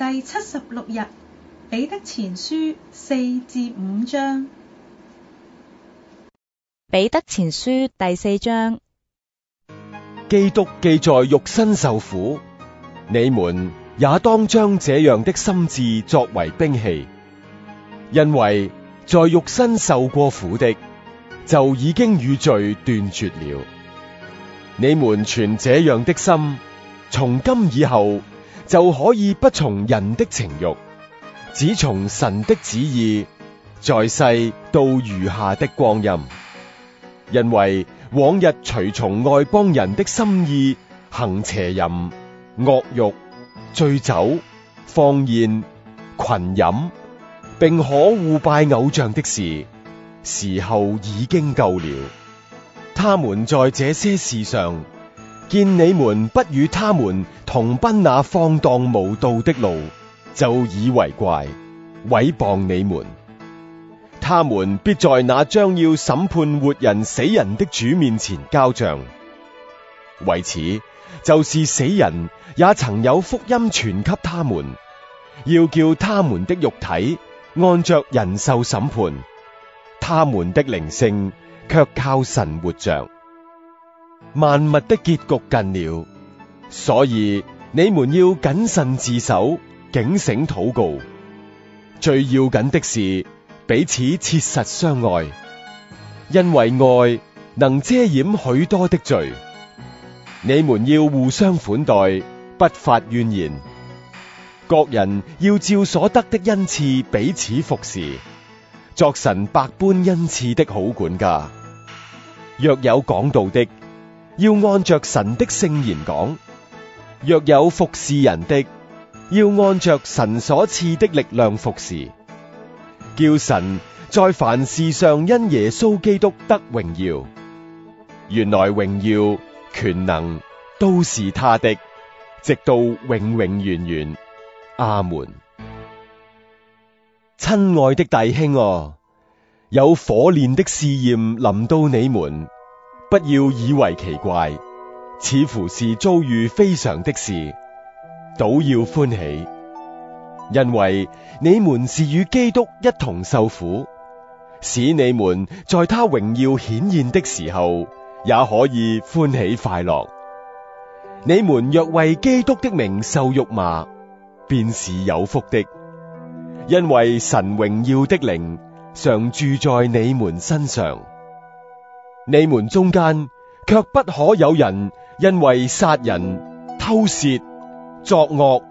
第七十六日，彼得前書四至五章，彼得前書第四章，基督既在肉身受苦，你們也當將這樣的心志作為兵器，因為在肉身受過苦的，就已經與罪斷絕了。你們存這樣的心，從今以後。就可以不從人的情慾，只從神的旨意，在世到餘下的光陰。因為往日隨從外邦人的心意，行邪淫、惡慾、醉酒、放宴、羣飲，並可互拜偶像的事，時候已經夠了。他們在這些事上。見你們不與他們同奔那放蕩無道的路，就以為怪，毀謗你們。他們必在那將要審判活人死人的主面前交賬。為此，就是死人也曾有福音傳給他們，要叫他們的肉體按着人受審判，他們的靈性卻靠神活着。萬物的結局近了，所以你們要謹慎自守，警醒禱告。最要緊的是，彼此切實相愛，因為愛能遮掩許多的罪。你們要互相款待，不發怨言。各人要照所得的恩賜彼此服侍，作神百般恩賜的好管家。若有講道的，要按着神的聖言講，若有服侍人的，要按着神所賜的力量服侍，叫神在凡事上因耶穌基督得榮耀。原來榮耀權能都是他的，直到永永遠遠。阿門。親愛的弟兄啊，有火煉的試驗臨到你們。不要以為奇怪，似乎是遭遇非常的事，倒要歡喜，因為你們是與基督一同受苦，使你們在他榮耀顯現的時候，也可以歡喜快樂。你們若為基督的名受辱罵，便是有福的，因為神榮耀的靈常住在你們身上。你們中間卻不可有人因為殺人、偷竊、作惡、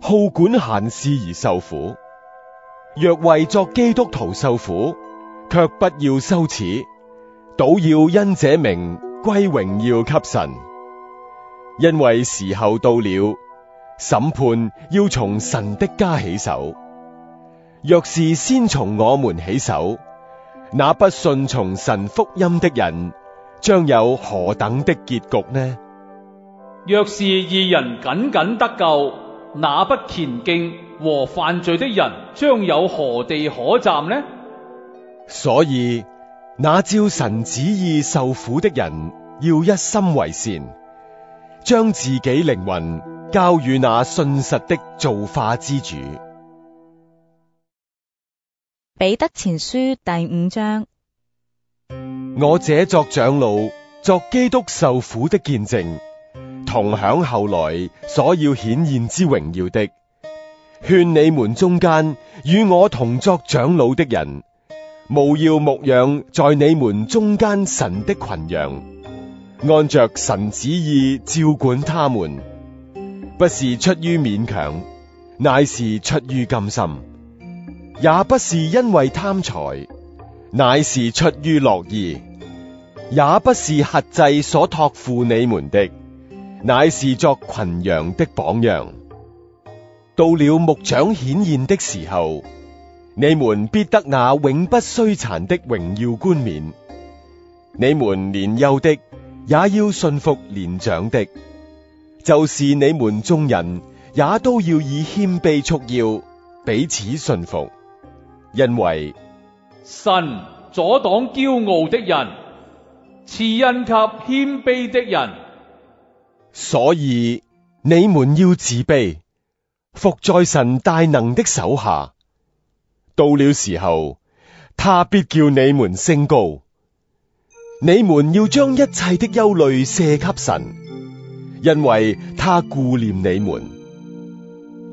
好管閒事而受苦。若為作基督徒受苦，卻不要羞恥，倒要因這名歸榮耀給神，因為時候到了，審判要從神的家起手。若是先從我們起手。那不信從神福音的人，將有何等的結局呢？若是義人僅僅得救，那不虔敬和犯罪的人，將有何地可站呢？所以，那照神旨意受苦的人，要一心為善，將自己靈魂交與那信實的造化之主。彼得前書第五章：我這作長老、作基督受苦的見證，同享後來所要顯現之榮耀的，勸你們中間與我同作長老的人，務要牧養在你們中間神的群羊，按着神旨意照管他們，不是出於勉強，乃是出於甘心。也不是因為貪財，乃是出於樂意；也不是轄制所託付你們的，乃是作群羊的榜樣。到了牧長顯現的時候，你們必得那永不衰殘的榮耀冠冕。你們年幼的也要順服年長的，就是你們眾人也都要以謙卑束腰，彼此順服。因為神阻擋驕傲的人，賜恩給謙卑的人，所以你們要自卑，伏在神大能的手下。到了時候，他必叫你們升高。你們要將一切的憂慮卸給神，因為他顧念你們。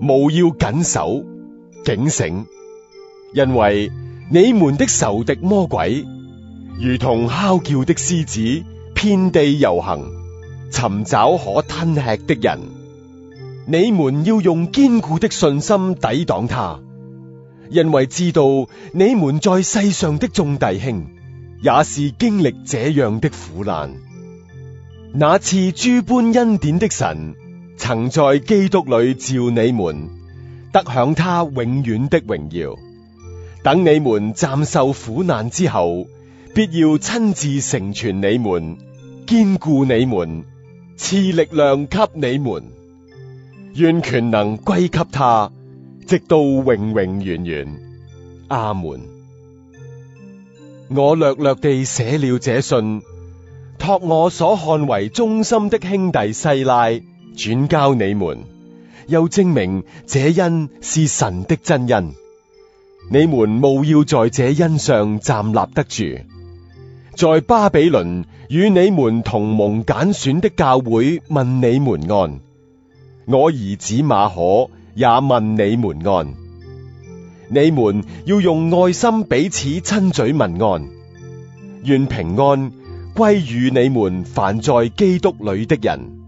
務要謹守，警醒。因為你們的仇敵魔鬼，如同哮叫的獅子，遍地遊行，尋找可吞吃的人。你們要用堅固的信心抵擋他，因為知道你們在世上的眾弟兄也是經歷這樣的苦難。那賜諸般恩典的神，曾在基督裡召你們，得享他永遠的榮耀。等你們暫受苦難之後，必要親自成全你們，堅固你們，賜力量給你們，願權能歸給他，直到永永遠遠。阿門。我略略地寫了這信，託我所看為忠心的兄弟西拉轉交你們，又證明這恩是神的真恩。你們務要在這恩上站立得住，在巴比倫與你們同蒙揀選的教會問你們安，我兒子馬可也問你們安。你們要用愛心彼此親嘴問安，願平安歸與你們，凡在基督裏的人。